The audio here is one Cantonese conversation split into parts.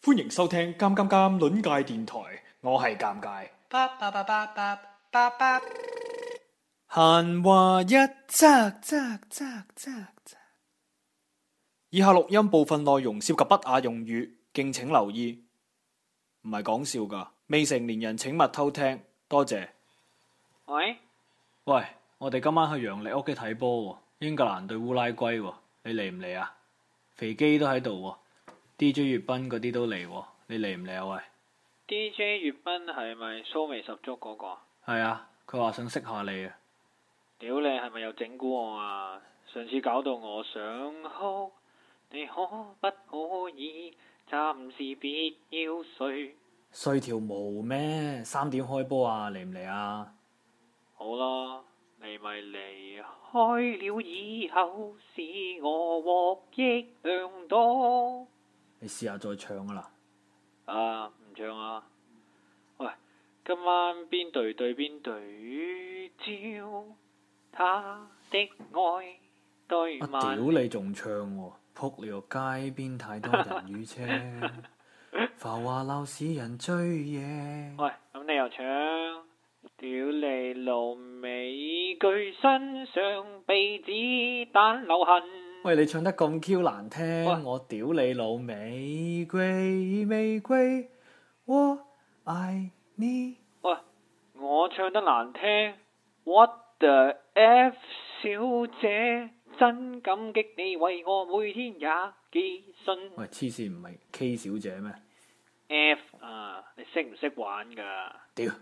歡迎收聽《尷尷尷》倫界電台，我係尷尬。閒話一則則則則，以下錄音部分內容涉及不雅用語，敬請留意。唔係講笑噶，未成年人請勿偷聽。多謝。喂喂，我哋今晚去楊力屋企睇波，英格蘭對烏拉圭，你嚟唔嚟啊？肥基都喺度。D.J. 粵濱嗰啲都嚟，哦，你嚟唔嚟啊？喂，D.J. 粵濱係咪騷味十足嗰、嗰個？係啊，佢話想識下你啊！屌你係咪又整蠱我啊？上次搞到我想哭，你可不可以暫時別要睡？睡條毛咩？三點開波啊，嚟唔嚟啊？好啦，你咪離開了以後，使我獲益良多。你試下再唱噶啦！啊，唔唱啦！喂，今晚邊隊對，對邊隊？照他的愛對嗎？啊，屌你仲唱喎，啊！仆你個街，邊太多人與車， 浮華鬧市人追夜。喂，咁你又唱？屌你老味，佢身上被子彈留痕。喂，你唱得咁 Q 難聽，喂我屌你老味，玫瑰玫瑰，我愛你。喂！我唱得難聽，What the F 小姐真感激你為我每天也寄信。喂！黐線唔係 K 小姐咩？F 啊！你識唔識玩㗎？屌！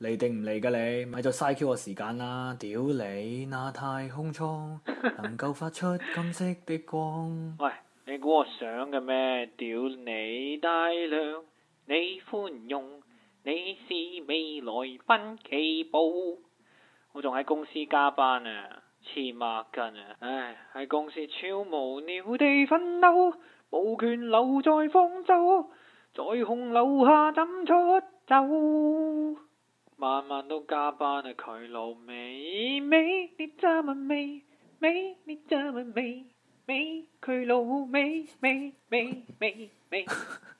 嚟定唔嚟噶你，咪再嘥 q 我時間啦！屌你那太空艙能夠發出金色的光？喂，你估我想嘅咩？屌 你大量，你寬容， 你是未來濱崎步。我仲喺公司加班啊，黐孖筋啊！唉，喺公司超無聊地憤怒，冇權留在方舟，在紅樓下怎出走？晚晚都加班啊！佢老味味，你這麼美美，你這麼美美，佢老味味味味味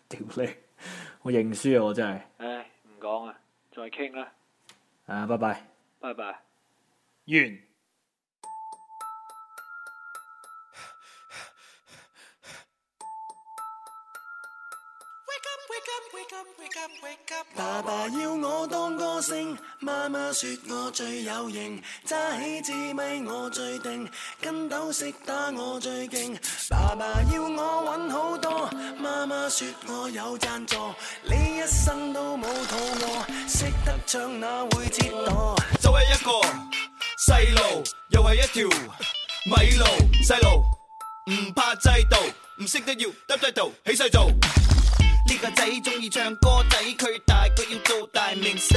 屌你！ 我認輸啊！我真係。唉，唔講啦，再傾啦。啊，拜拜。拜拜。完。說我最有型，揸起支咪我最定，跟斗識打我最勁。爸爸要我揾好多，媽媽說我有贊助，你一生都冇肚餓，識得唱那會折墮。就係一個細路，又係一條米路，細路唔怕制度，唔識得要得制度起勢做。呢個仔中意唱歌仔，佢大佢要做大明星。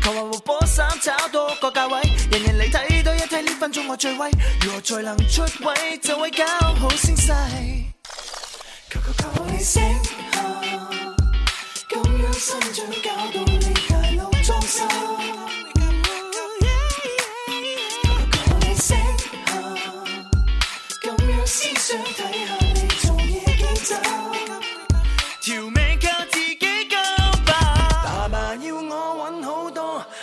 球鞋和波衫，找多個價位，人人嚟睇都一睇，呢分鐘我最威，如何才能出位，就位搞好聲勢。求求求你醒下，咁樣生長搞到你大老裝修。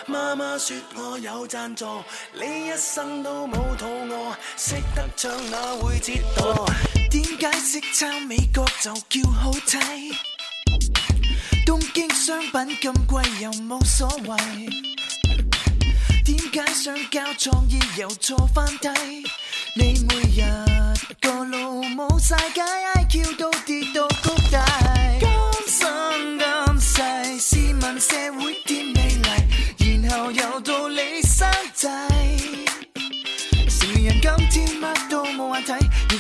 媽媽說我有贊助，你一生都冇肚餓，識得唱哪會折墮？點解識抄美國就叫好睇？東京商品咁貴又冇所謂？點解想搞創意又坐翻低？你每日個腦冇晒街，I Q 都跌。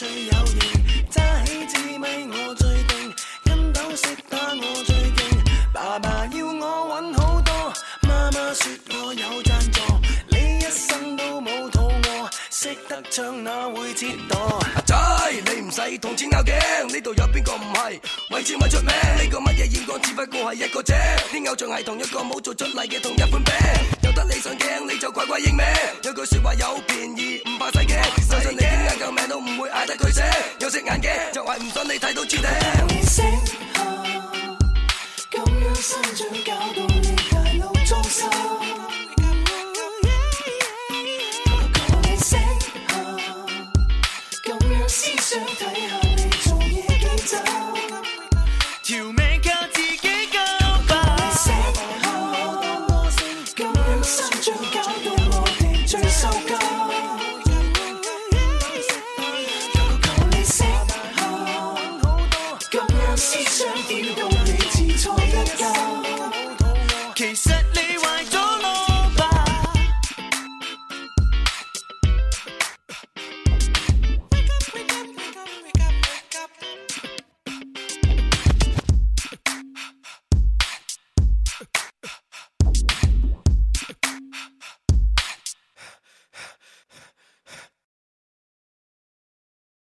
最有型，揸起支咪，我最勁，跟斗食打我最勁。爸爸要我揾好多，媽媽說我有贊助，你一生都冇肚餓，識得唱那會折墮。阿仔，啊，啊，你唔使同錢拗頸，呢度，啊，有邊個唔係為錢揾出名？呢，啊，個乜嘢影哥只不過係一個啫。啲偶像係同一個模做出嚟嘅同一款餅，啊，有得你上鏡。啊你鬼認命，有句説話，有便宜唔怕世嘅，相信你點嗌救命都唔會嗌得佢死。有色眼鏡就係唔想你睇到徹底。